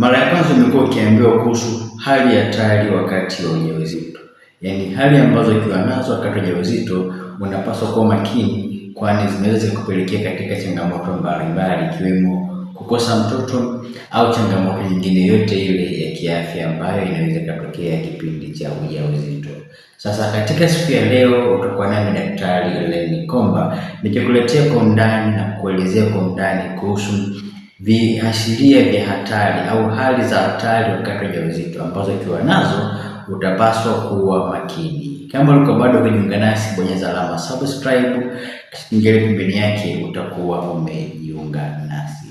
Mara ya kwanza umekuwa ukiambiwa kuhusu hali ya hatari wakati wa ujauzito, yaani hali ambazo ukiwa nazo wakati wa ujauzito unapaswa kuwa makini, kwani zinaweza zikupelekea katika changamoto mbalimbali, ikiwemo kukosa mtoto au changamoto nyingine yote ile ya kiafya ambayo inaweza ikatokea kipindi cha ujauzito. Sasa katika siku ya leo utakuwa nami Daktari Lenny Komba nikikuletea kwa undani na kuelezea kwa undani kuhusu viashiria vya hatari au hali za hatari wakati wa ujauzito ambazo ukiwa nazo utapaswa kuwa makini. Kama uko bado kujiunga nasi, bonyeza alama subscribe, kengele pembeni yake, utakuwa umejiunga nasi.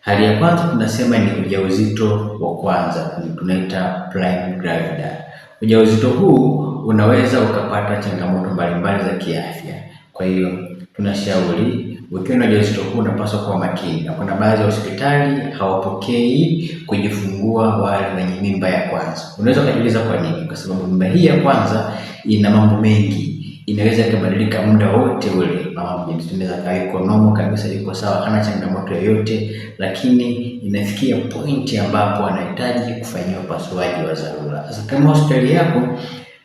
Hali ya kwanza tunasema ni ujauzito wa kwanza, tunaita prime gravida. Ujauzito huu unaweza ukapata changamoto mbalimbali za kiafya, kwa hiyo tunashauri ukiwa na ujauzito huu unapaswa kuwa makini, na kuna baadhi ya hospitali hawapokei kujifungua wale wenye mimba ya kwanza. Unaweza ukajiuliza kwa nini? Kwa sababu mimba hii ya kwanza ina mambo mengi, inaweza ikabadilika muda wote ule. Mama mjamzito anaweza akawa nomo kabisa, yuko sawa, hana changamoto yoyote, lakini inafikia pointi ambapo anahitaji kufanyiwa upasuaji wa dharura. Sasa kama hospitali yako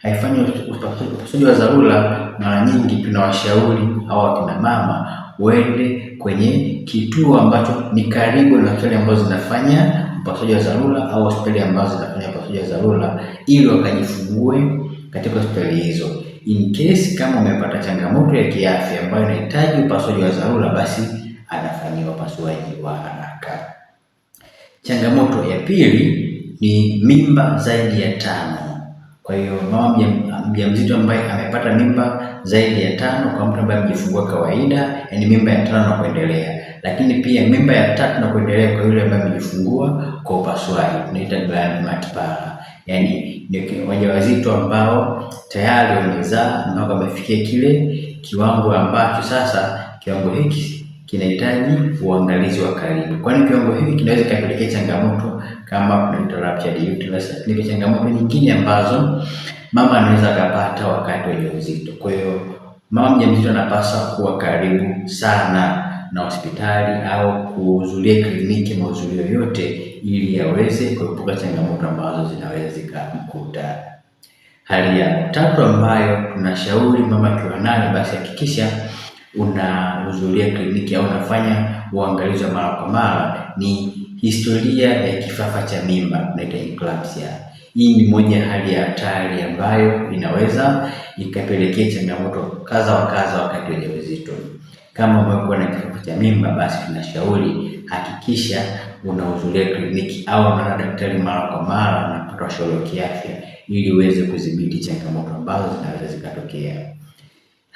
haifanyi upasuaji wa dharura, mara nyingi tunawashauri hawa wakina mama waende kwenye kituo ambacho ni karibu na hospitali ambazo zinafanya upasuaji wa dharura au hospitali ambazo zinafanya upasuaji wa dharura, ili wakajifungue katika hospitali hizo. In case kama umepata changamoto ya kiafya ambayo inahitaji upasuaji wa dharura, basi anafanyiwa upasuaji wa haraka. Changamoto ya pili ni mimba zaidi ya tano. Kwa hiyo mama mjamzito ambaye amepata mimba zaidi ya tano kwa mtu ambaye amejifungua kawaida, yani mimba ya tano na kuendelea, lakini pia mimba ya tatu na kuendelea kwa yule ambaye amejifungua kwa upasuaji, tunaita Glanbmat para, yani wajawazito ambao tayari wamezaa mpaka wamefikia kile kiwango ambacho sasa kiwango hiki kinahitaji uangalizi wa karibu, kwani kiwango hiki kinaweza kikapelekea changamoto kama ni changamoto nyingine ambazo mama anaweza akapata wakati wa uzito. Kwa hiyo mama mjamzito anapaswa kuwa karibu sana na hospitali au kuhudhuria kliniki, mahudhurio yote, ili aweze kuepuka changamoto ambazo zinaweza zikamkuta. Hali ya tatu ambayo tunashauri mama akiwa nayo, basi hakikisha unahudhuria kliniki au unafanya uangalizi wa mara kwa mara ni historia ya kifafa cha mimba, naita eclampsia. Hii ni moja hali ya hatari ambayo inaweza ikapelekea changamoto kadha wa kadha wakati wa ujauzito. Kama umekuwa na kifafa cha mimba, basi tunashauri hakikisha unahudhuria kliniki au mara daktari mara kwa mara na kupata ushauri wa kiafya ili uweze kudhibiti changamoto ambazo zinaweza zikatokea.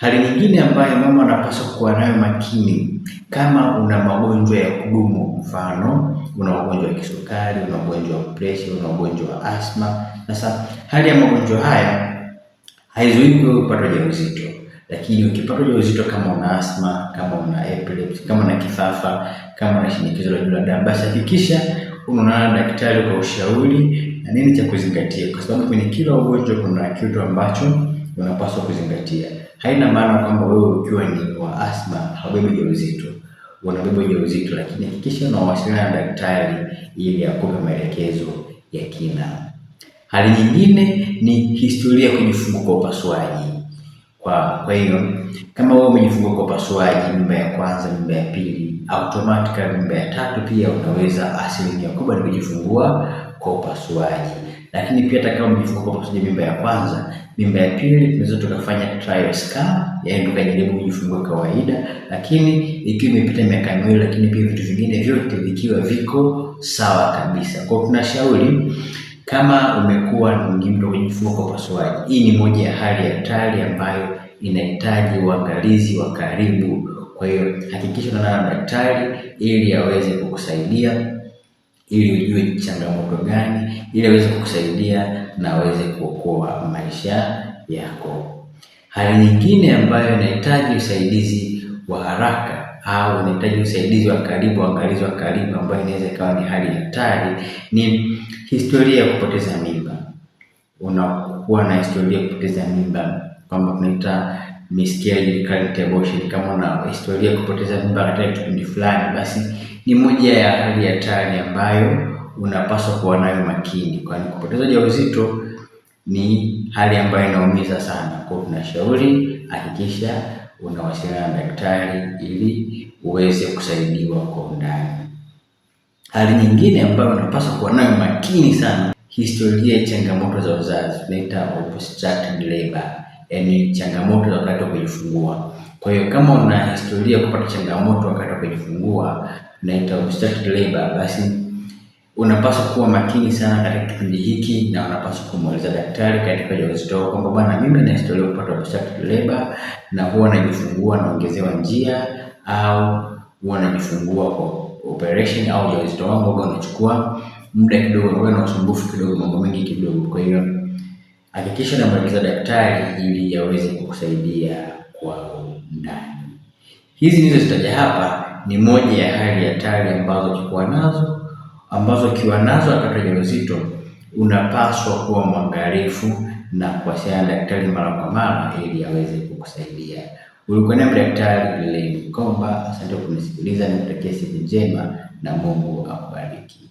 Hali nyingine ambayo mama anapaswa kuwa nayo makini, kama una magonjwa ya kudumu, mfano una ugonjwa wa kisukari, una ugonjwa wa presha, una ugonjwa wa asma. Sasa hali ya magonjwa haya haizuii wewe kupata ujauzito, lakini ukipata ujauzito, kama una asma, kama una epilepsy, kama una kifafa, kama una shinikizo la juu la damu, basi hakikisha unaonana na daktari kwa ushauri na nini cha kuzingatia, kwa sababu kwenye kila ugonjwa kuna kitu ambacho unapaswa kuzingatia haina maana kwamba wewe ukiwa ni wa asma haubebi ujauzito, unabeba ujauzito, lakini hakikisha unawasiliana na daktari ili akupe maelekezo ya kina. Hali nyingine ni historia ya kujifunga kwa upasuaji. Kwa kwa hiyo kama wewe umejifunga kwa upasuaji, mimba ya kwanza, mimba ya pili, automatically mimba ya tatu pia unaweza, asilimia kubwa ni kujifungua kwa upasuaji lakini pia hata kama kwa mimba ya kwanza, mimba ya pili, tunaweza tukafanya trial scan, yaani tukajaribu kujifungua kawaida, lakini ikiwa imepita miaka miwili, lakini pia vitu vingine vyote vikiwa viko sawa kabisa. Kwa tunashauri kama umekuwa ni mtu kujifungua kwa upasuaji, hii ni moja ya hali ya hatari ambayo inahitaji uangalizi wa karibu. Kwa hiyo hakikisha unaona daktari ili aweze kukusaidia ili ujue ni changamoto gani, ili aweze kukusaidia na aweze kuokoa maisha yako. Hali nyingine ambayo inahitaji usaidizi wa haraka au inahitaji usaidizi wa karibu, angalizi wa karibu, ambayo inaweza ikawa ni hali hatari, ni historia ya kupoteza mimba. Unakuwa na historia ya kupoteza mimba, kwamba tunaita mmesikia ile current abortion, kama na historia kupoteza mimba katika kipindi fulani, basi ni moja ya hali hatari ambayo unapaswa kuwa nayo makini, kwani kupoteza ujauzito ni hali ambayo inaumiza sana. Kwa tunashauri hakikisha unawasiliana na daktari ili uweze kusaidiwa kwa undani. Hali nyingine ambayo unapaswa kuwa nayo makini sana, historia ya changamoto za uzazi, tunaita obstructed labor yani eh, changamoto za wakati wa kujifungua. Kwa hiyo kama una historia kupata changamoto wakati wa kujifungua, naita obstetric labor, basi unapaswa kuwa makini sana katika kipindi hiki, na unapaswa kumuuliza daktari katika ujauzito kwamba bwana, mimi na historia kupata obstetric labor na huwa najifungua naongezewa njia au huwa najifungua kwa operation au ujauzito wangu huwa unachukua muda kidogo, na usumbufu kidogo, mambo mengi kidogo, kwa hiyo hakikisha unamwelekeza daktari ili yaweze kukusaidia kwa undani. Hizi nilizozitaja hapa ni moja ya hali hatari ambazo ukikuwa nazo, ambazo ukiwa nazo wakati wa ujauzito unapaswa kuwa mwangalifu na kuwasiliana na daktari mara kwa mara ili yaweze kukusaidia. Ulikuwa nami Daktari Leni Komba, asante kwa kunisikiliza, nikutakia siku njema na Mungu akubariki.